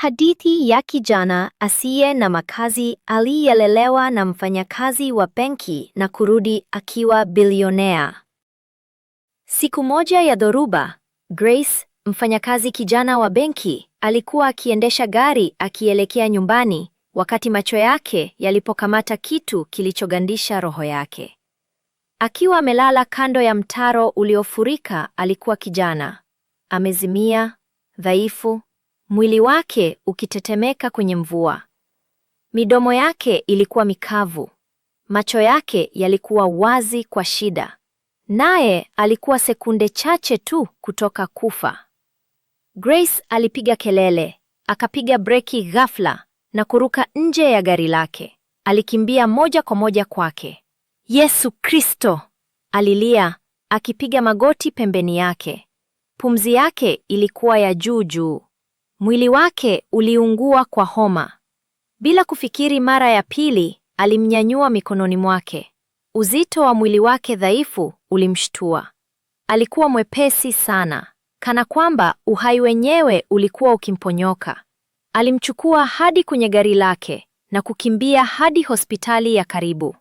Hadithi ya kijana asiye na makazi aliyelelewa na mfanyakazi wa benki na kurudi akiwa bilionea. Siku moja ya dhoruba, Grace, mfanyakazi kijana wa benki, alikuwa akiendesha gari akielekea nyumbani wakati macho yake yalipokamata kitu kilichogandisha roho yake. Akiwa amelala kando ya mtaro uliofurika, alikuwa kijana amezimia, dhaifu mwili wake ukitetemeka kwenye mvua. Midomo yake ilikuwa mikavu, macho yake yalikuwa wazi kwa shida, naye alikuwa sekunde chache tu kutoka kufa. Grace alipiga kelele, akapiga breki ghafla na kuruka nje ya gari lake. Alikimbia moja kwa moja kwake. Yesu Kristo, alilia akipiga magoti pembeni yake. Pumzi yake ilikuwa ya juu juu. Mwili wake uliungua kwa homa. Bila kufikiri mara ya pili, alimnyanyua mikononi mwake. Uzito wa mwili wake dhaifu ulimshtua. Alikuwa mwepesi sana, kana kwamba uhai wenyewe ulikuwa ukimponyoka. Alimchukua hadi kwenye gari lake na kukimbia hadi hospitali ya karibu.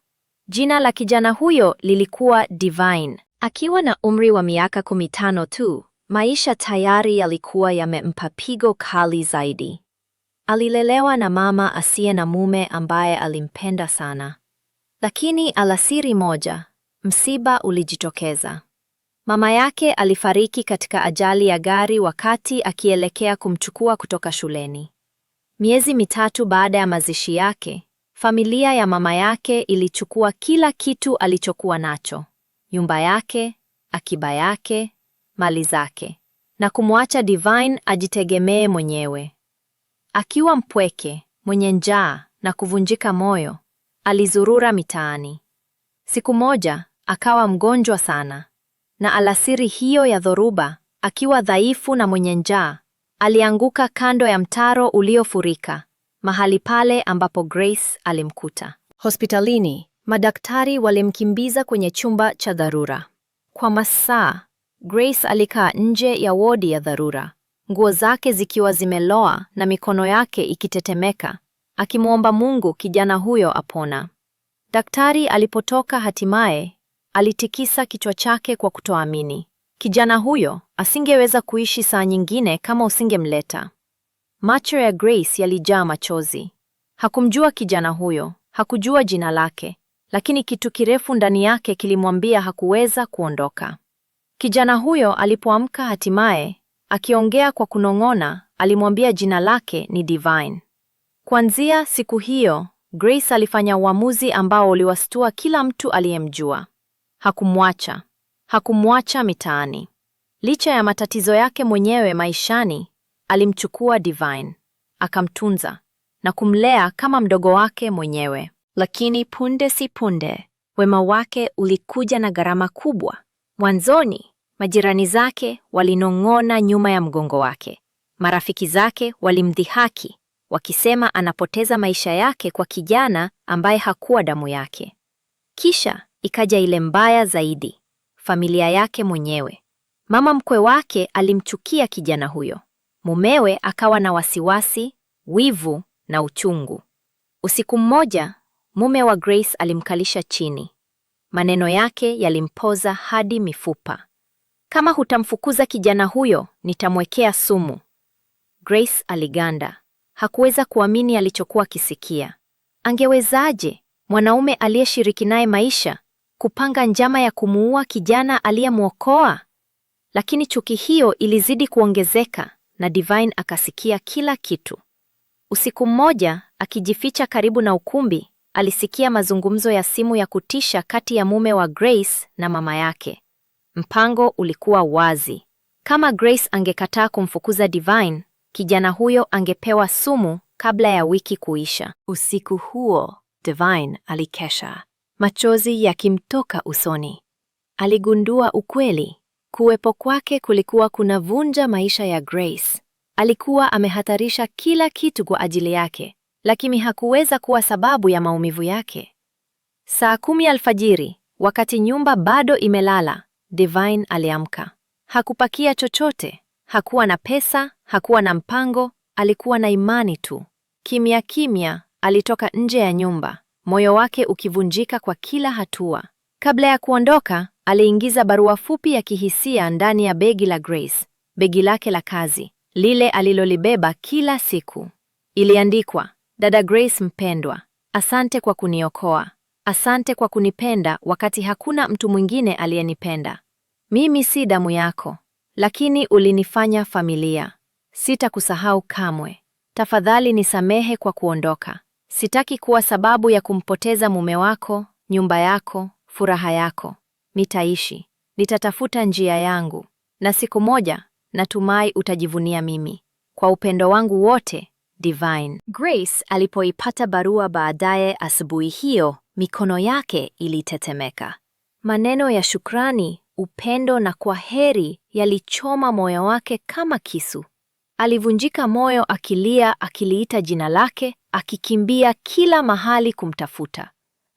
Jina la kijana huyo lilikuwa Divine. Akiwa na umri wa miaka 15 tu, Maisha tayari yalikuwa yamempa pigo kali zaidi. Alilelewa na mama asiye na mume ambaye alimpenda sana, lakini alasiri moja msiba ulijitokeza. Mama yake alifariki katika ajali ya gari wakati akielekea kumchukua kutoka shuleni. Miezi mitatu baada ya mazishi yake, familia ya mama yake ilichukua kila kitu alichokuwa nacho: nyumba yake, akiba yake mali zake na kumwacha Divine ajitegemee mwenyewe. Akiwa mpweke, mwenye njaa na kuvunjika moyo, alizurura mitaani. Siku moja akawa mgonjwa sana, na alasiri hiyo ya dhoruba, akiwa dhaifu na mwenye njaa, alianguka kando ya mtaro uliofurika, mahali pale ambapo Grace alimkuta. Hospitalini, madaktari walimkimbiza kwenye chumba cha dharura. Kwa masaa Grace alikaa nje ya wodi ya dharura, nguo zake zikiwa zimeloa na mikono yake ikitetemeka, akimwomba Mungu kijana huyo apona. Daktari alipotoka hatimaye, alitikisa kichwa chake kwa kutoamini. Kijana huyo asingeweza kuishi saa nyingine kama usingemleta. Macho ya Grace yalijaa machozi. Hakumjua kijana huyo, hakujua jina lake, lakini kitu kirefu ndani yake kilimwambia hakuweza kuondoka. Kijana huyo alipoamka hatimaye, akiongea kwa kunong'ona, alimwambia jina lake ni Divine. Kuanzia siku hiyo, Grace alifanya uamuzi ambao uliwastua kila mtu aliyemjua. Hakumwacha, hakumwacha mitaani. Licha ya matatizo yake mwenyewe maishani, alimchukua Divine, akamtunza na kumlea kama mdogo wake mwenyewe. Lakini punde si punde, wema wake ulikuja na gharama kubwa. Mwanzoni Majirani zake walinong'ona nyuma ya mgongo wake. Marafiki zake walimdhihaki wakisema anapoteza maisha yake kwa kijana ambaye hakuwa damu yake. Kisha ikaja ile mbaya zaidi, familia yake mwenyewe. Mama mkwe wake alimchukia kijana huyo, mumewe akawa na wasiwasi, wivu na uchungu. Usiku mmoja mume wa Grace alimkalisha chini, maneno yake yalimpoza hadi mifupa. Kama hutamfukuza kijana huyo, nitamwekea sumu. Grace aliganda. Hakuweza kuamini alichokuwa akisikia. Angewezaje mwanaume aliyeshiriki naye maisha kupanga njama ya kumuua kijana aliyemwokoa? Lakini chuki hiyo ilizidi kuongezeka na Divine akasikia kila kitu. Usiku mmoja, akijificha karibu na ukumbi, alisikia mazungumzo ya simu ya kutisha kati ya mume wa Grace na mama yake. Mpango ulikuwa wazi. Kama Grace angekataa kumfukuza Divine, kijana huyo angepewa sumu kabla ya wiki kuisha. Usiku huo Divine alikesha, machozi yakimtoka usoni. Aligundua ukweli. Kuwepo kwake kulikuwa kunavunja maisha ya Grace. Alikuwa amehatarisha kila kitu kwa ajili yake, lakini hakuweza kuwa sababu ya maumivu yake. Saa kumi alfajiri, wakati nyumba bado imelala, Divine aliamka. Hakupakia chochote, hakuwa na pesa, hakuwa na mpango, alikuwa na imani tu. Kimya kimya alitoka nje ya nyumba, moyo wake ukivunjika kwa kila hatua. Kabla ya kuondoka, aliingiza barua fupi ya kihisia ndani ya begi la Grace, begi lake la kazi, lile alilolibeba kila siku. Iliandikwa, Dada Grace mpendwa, asante kwa kuniokoa. Asante kwa kunipenda wakati hakuna mtu mwingine aliyenipenda. Mimi si damu yako, lakini ulinifanya familia. Sitakusahau kamwe. Tafadhali nisamehe kwa kuondoka. Sitaki kuwa sababu ya kumpoteza mume wako, nyumba yako, furaha yako. Nitaishi, nitatafuta njia yangu, na siku moja natumai utajivunia mimi kwa upendo wangu wote. Divine Grace alipoipata barua baadaye asubuhi hiyo Mikono yake ilitetemeka. Maneno ya shukrani, upendo na kwa heri yalichoma moyo wake kama kisu. Alivunjika moyo akilia, akiliita jina lake, akikimbia kila mahali kumtafuta.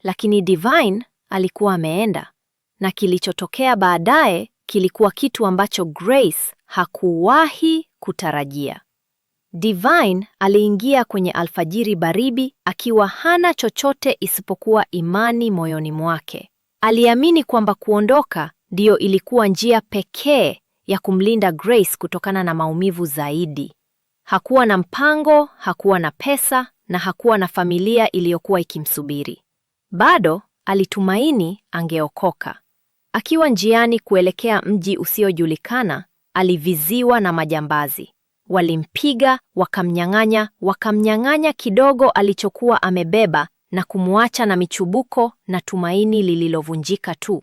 Lakini Divine alikuwa ameenda, na kilichotokea baadaye kilikuwa kitu ambacho Grace hakuwahi kutarajia. Divine aliingia kwenye alfajiri baridi akiwa hana chochote isipokuwa imani moyoni mwake. Aliamini kwamba kuondoka ndiyo ilikuwa njia pekee ya kumlinda Grace kutokana na maumivu zaidi. Hakuwa na mpango, hakuwa na pesa na hakuwa na familia iliyokuwa ikimsubiri. Bado alitumaini angeokoka. Akiwa njiani kuelekea mji usiojulikana, aliviziwa na majambazi. Walimpiga, wakamnyang'anya, wakamnyang'anya kidogo alichokuwa amebeba na kumwacha na michubuko na tumaini lililovunjika tu.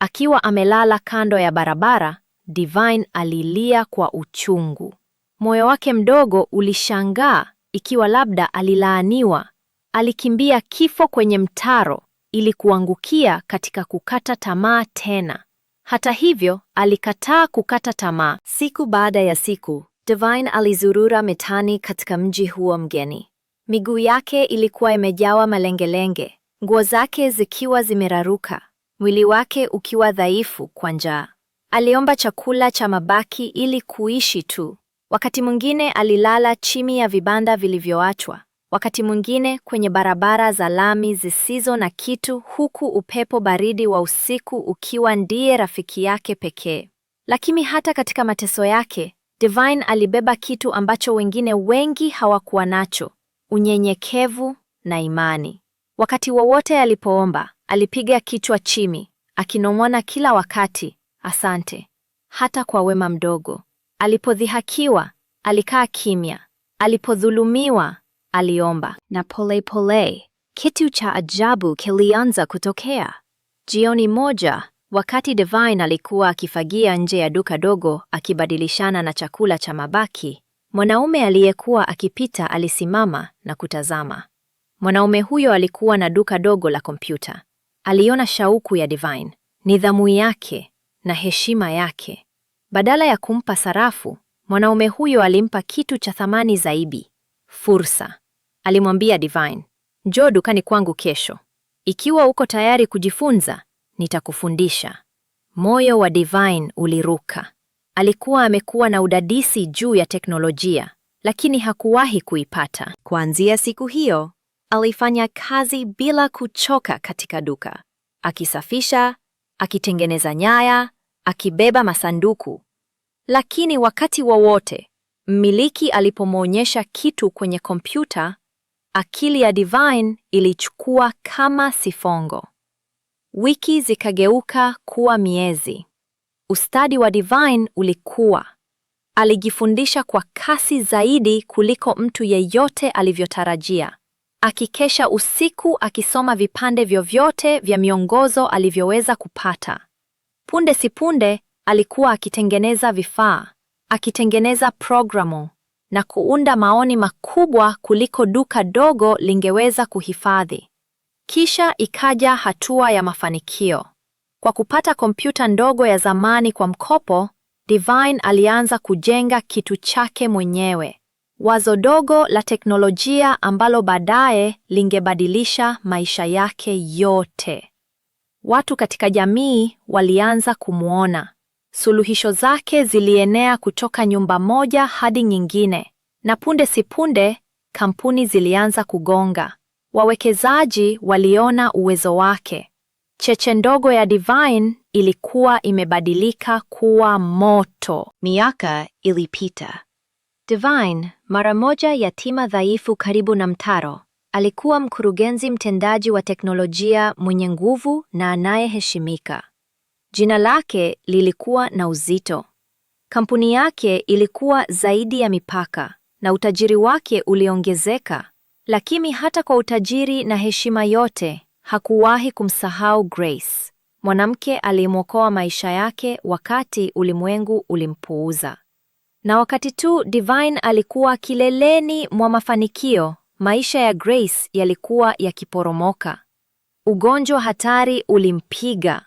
Akiwa amelala kando ya barabara, Divine alilia kwa uchungu. Moyo wake mdogo ulishangaa ikiwa labda alilaaniwa. Alikimbia kifo kwenye mtaro ili kuangukia katika kukata tamaa tena. Hata hivyo, alikataa kukata tamaa. Siku baada ya siku Divine alizurura mitani katika mji huo mgeni. Miguu yake ilikuwa imejawa malengelenge, nguo zake zikiwa zimeraruka, mwili wake ukiwa dhaifu kwa njaa. Aliomba chakula cha mabaki ili kuishi tu. Wakati mwingine alilala chini ya vibanda vilivyoachwa, wakati mwingine kwenye barabara za lami zisizo na kitu, huku upepo baridi wa usiku ukiwa ndiye rafiki yake pekee. Lakini hata katika mateso yake Divine alibeba kitu ambacho wengine wengi hawakuwa nacho, unyenyekevu na imani. Wakati wowote alipoomba, alipiga kichwa chini, akinong'ona kila wakati, asante, hata kwa wema mdogo. Alipodhihakiwa, alikaa kimya. Alipodhulumiwa, aliomba. Na pole pole, kitu cha ajabu kilianza kutokea. Jioni moja, Wakati Divine alikuwa akifagia nje ya duka dogo akibadilishana na chakula cha mabaki, mwanaume aliyekuwa akipita alisimama na kutazama. Mwanaume huyo alikuwa na duka dogo la kompyuta. Aliona shauku ya Divine, nidhamu yake na heshima yake. Badala ya kumpa sarafu, mwanaume huyo alimpa kitu cha thamani zaidi, fursa. Alimwambia Divine, njoo dukani kwangu kesho ikiwa uko tayari kujifunza nitakufundisha. Moyo wa Divine uliruka. Alikuwa amekuwa na udadisi juu ya teknolojia, lakini hakuwahi kuipata. Kuanzia siku hiyo, alifanya kazi bila kuchoka katika duka, akisafisha, akitengeneza nyaya, akibeba masanduku. Lakini wakati wowote mmiliki alipomwonyesha kitu kwenye kompyuta, akili ya Divine ilichukua kama sifongo. Wiki zikageuka kuwa miezi. Ustadi wa Divine ulikuwa. Alijifundisha kwa kasi zaidi kuliko mtu yeyote alivyotarajia, akikesha usiku akisoma vipande vyovyote vya miongozo alivyoweza kupata. Punde si punde alikuwa akitengeneza vifaa, akitengeneza programu na kuunda maoni makubwa kuliko duka dogo lingeweza kuhifadhi. Kisha ikaja hatua ya mafanikio. Kwa kupata kompyuta ndogo ya zamani kwa mkopo, Divine alianza kujenga kitu chake mwenyewe, wazo dogo la teknolojia ambalo baadaye lingebadilisha maisha yake yote. Watu katika jamii walianza kumwona. Suluhisho zake zilienea kutoka nyumba moja hadi nyingine, na punde si punde kampuni zilianza kugonga. Wawekezaji waliona uwezo wake. Cheche ndogo ya Divine ilikuwa imebadilika kuwa moto. Miaka ilipita. Divine, mara moja yatima dhaifu karibu na mtaro, alikuwa mkurugenzi mtendaji wa teknolojia mwenye nguvu na anayeheshimika. Jina lake lilikuwa na uzito. Kampuni yake ilikuwa zaidi ya mipaka na utajiri wake uliongezeka. Lakini hata kwa utajiri na heshima yote, hakuwahi kumsahau Grace, mwanamke aliyemwokoa maisha yake wakati ulimwengu ulimpuuza. Na wakati tu Divine alikuwa kileleni mwa mafanikio, maisha ya Grace yalikuwa yakiporomoka. Ugonjwa hatari ulimpiga,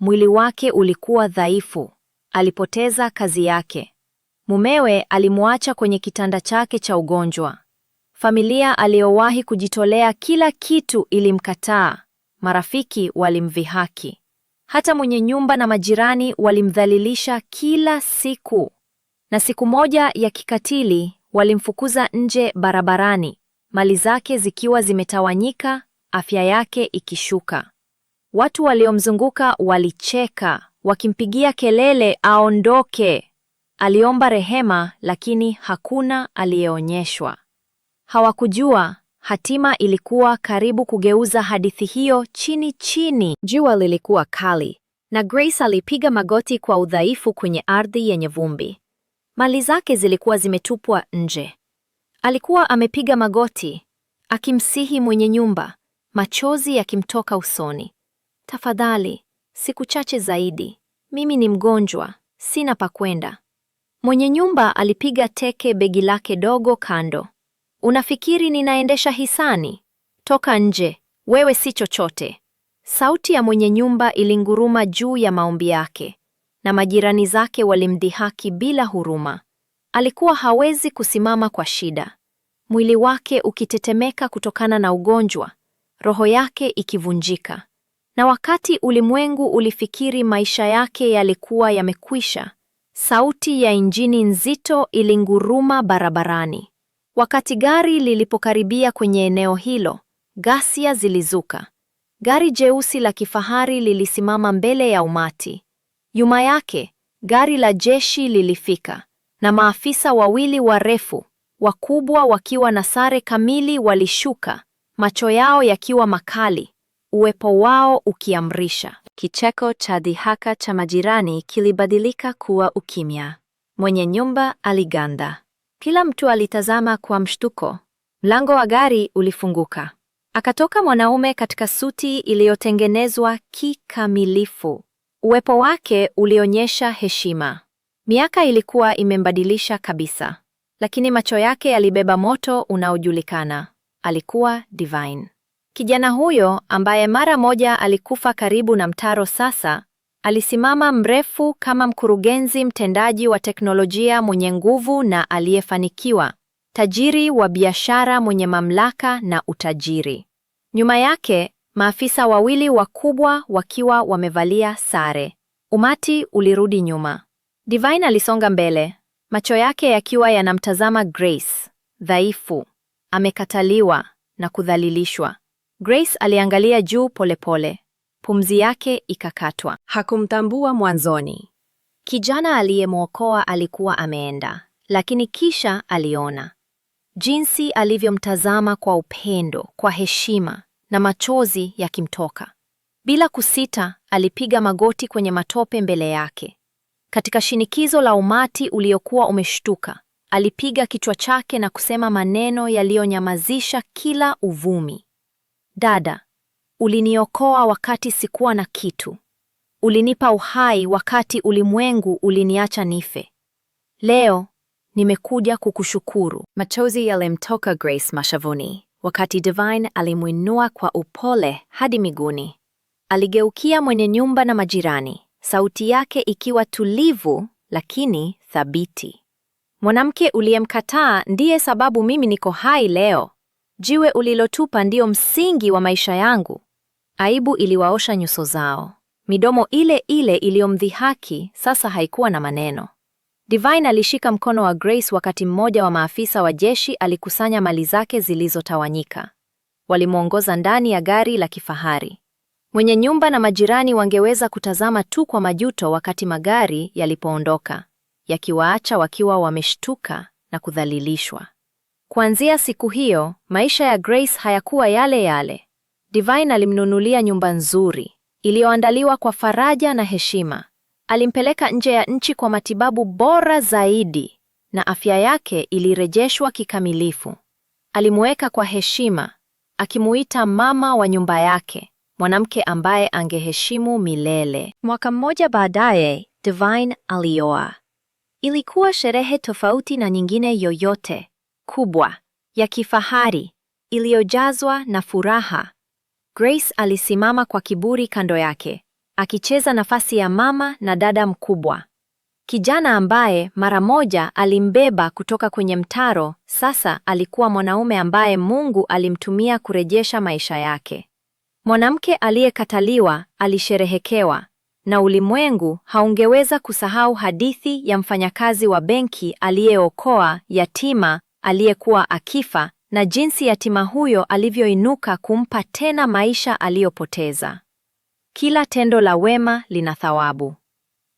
mwili wake ulikuwa dhaifu, alipoteza kazi yake. Mumewe alimwacha kwenye kitanda chake cha ugonjwa. Familia aliyowahi kujitolea kila kitu ilimkataa. Marafiki walimvihaki, hata mwenye nyumba na majirani walimdhalilisha kila siku. Na siku moja ya kikatili walimfukuza nje barabarani, mali zake zikiwa zimetawanyika, afya yake ikishuka. Watu waliomzunguka walicheka, wakimpigia kelele aondoke. Aliomba rehema, lakini hakuna aliyeonyeshwa. Hawakujua hatima ilikuwa karibu kugeuza hadithi hiyo chini chini. Jua lilikuwa kali na Grace alipiga magoti kwa udhaifu kwenye ardhi yenye vumbi. Mali zake zilikuwa zimetupwa nje. Alikuwa amepiga magoti akimsihi mwenye nyumba, machozi yakimtoka usoni. Tafadhali, siku chache zaidi, mimi ni mgonjwa, sina pa kwenda. Mwenye nyumba alipiga teke begi lake dogo kando. Unafikiri ninaendesha hisani? Toka nje, wewe si chochote. Sauti ya mwenye nyumba ilinguruma juu ya maombi yake, na majirani zake walimdhihaki bila huruma. Alikuwa hawezi kusimama kwa shida, mwili wake ukitetemeka kutokana na ugonjwa, roho yake ikivunjika. Na wakati ulimwengu ulifikiri maisha yake yalikuwa yamekwisha, sauti ya injini nzito ilinguruma barabarani. Wakati gari lilipokaribia kwenye eneo hilo, ghasia zilizuka. Gari jeusi la kifahari lilisimama mbele ya umati. Nyuma yake, gari la jeshi lilifika na maafisa wawili warefu, wakubwa wakiwa na sare kamili walishuka, macho yao yakiwa makali, uwepo wao ukiamrisha. Kicheko cha dhihaka cha majirani kilibadilika kuwa ukimya. Mwenye nyumba aliganda. Kila mtu alitazama kwa mshtuko. Mlango wa gari ulifunguka, akatoka mwanaume katika suti iliyotengenezwa kikamilifu. Uwepo wake ulionyesha heshima. Miaka ilikuwa imembadilisha kabisa, lakini macho yake yalibeba moto unaojulikana. Alikuwa Divine. Kijana huyo ambaye mara moja alikufa karibu na mtaro, sasa Alisimama mrefu kama mkurugenzi mtendaji wa teknolojia mwenye nguvu na aliyefanikiwa, tajiri wa biashara mwenye mamlaka na utajiri. Nyuma yake, maafisa wawili wakubwa wakiwa wamevalia sare. Umati ulirudi nyuma. Divine alisonga mbele, macho yake yakiwa yanamtazama Grace, dhaifu, amekataliwa na kudhalilishwa. Grace aliangalia juu polepole pole. Pumzi yake ikakatwa, hakumtambua mwanzoni. Kijana aliyemwokoa alikuwa ameenda, lakini kisha aliona jinsi alivyomtazama kwa upendo, kwa heshima, na machozi yakimtoka. Bila kusita, alipiga magoti kwenye matope mbele yake. Katika shinikizo la umati uliokuwa umeshtuka, alipiga kichwa chake na kusema maneno yaliyonyamazisha kila uvumi. Dada, Uliniokoa wakati sikuwa na kitu, ulinipa uhai wakati ulimwengu uliniacha nife. Leo nimekuja kukushukuru. Machozi yalimtoka Grace mashavuni wakati Divine alimwinua kwa upole hadi miguuni. Aligeukia mwenye nyumba na majirani, sauti yake ikiwa tulivu lakini thabiti. Mwanamke uliyemkataa ndiye sababu mimi niko hai leo. Jiwe ulilotupa ndio msingi wa maisha yangu. Aibu iliwaosha nyuso zao. Midomo ile ile iliyomdhihaki sasa haikuwa na maneno. Divine alishika mkono wa Grace wakati mmoja wa maafisa wa jeshi alikusanya mali zake zilizotawanyika. Walimwongoza ndani ya gari la kifahari. Mwenye nyumba na majirani wangeweza kutazama tu kwa majuto wakati magari yalipoondoka, yakiwaacha wakiwa wameshtuka na kudhalilishwa. Kuanzia siku hiyo, maisha ya Grace hayakuwa yale yale. Divine alimnunulia nyumba nzuri iliyoandaliwa kwa faraja na heshima. Alimpeleka nje ya nchi kwa matibabu bora zaidi na afya yake ilirejeshwa kikamilifu. Alimuweka kwa heshima, akimuita mama wa nyumba yake, mwanamke ambaye angeheshimu milele. Mwaka mmoja baadaye, Divine alioa. Ilikuwa sherehe tofauti na nyingine yoyote, kubwa, ya kifahari, iliyojazwa na furaha Grace alisimama kwa kiburi kando yake, akicheza nafasi ya mama na dada mkubwa. Kijana ambaye mara moja alimbeba kutoka kwenye mtaro, sasa alikuwa mwanaume ambaye Mungu alimtumia kurejesha maisha yake. Mwanamke aliyekataliwa alisherehekewa, na ulimwengu haungeweza kusahau hadithi ya mfanyakazi wa benki aliyeokoa yatima aliyekuwa akifa na jinsi yatima huyo alivyoinuka kumpa tena maisha aliyopoteza. Kila tendo la wema lina thawabu.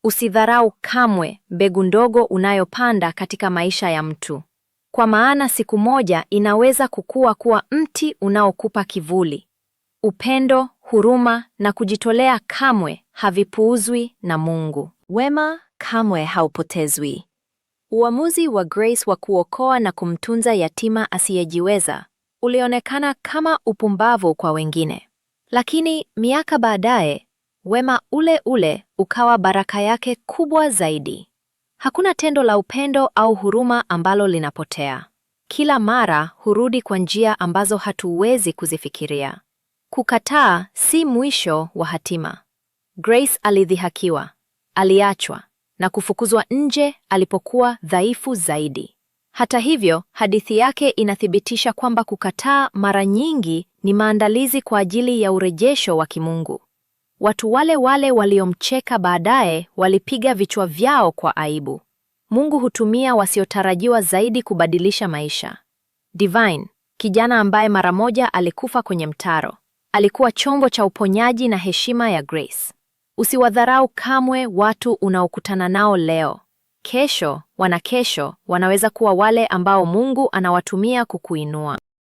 Usidharau kamwe mbegu ndogo unayopanda katika maisha ya mtu, kwa maana siku moja inaweza kukua kuwa mti unaokupa kivuli. Upendo, huruma na kujitolea kamwe havipuuzwi na Mungu. Wema kamwe haupotezwi. Uamuzi wa Grace wa kuokoa na kumtunza yatima asiyejiweza ulionekana kama upumbavu kwa wengine, lakini miaka baadaye wema ule ule ukawa baraka yake kubwa zaidi. Hakuna tendo la upendo au huruma ambalo linapotea. Kila mara hurudi kwa njia ambazo hatuwezi kuzifikiria. Kukataa si mwisho wa hatima. Grace alidhihakiwa, aliachwa na kufukuzwa nje alipokuwa dhaifu zaidi. Hata hivyo, hadithi yake inathibitisha kwamba kukataa mara nyingi ni maandalizi kwa ajili ya urejesho wa kimungu. Watu wale wale waliomcheka baadaye walipiga vichwa vyao kwa aibu. Mungu hutumia wasiotarajiwa zaidi kubadilisha maisha. Divine, kijana ambaye mara moja alikufa kwenye mtaro, alikuwa chombo cha uponyaji na heshima ya Grace. Usiwadharau kamwe watu unaokutana nao leo. Kesho wana kesho wanaweza kuwa wale ambao Mungu anawatumia kukuinua.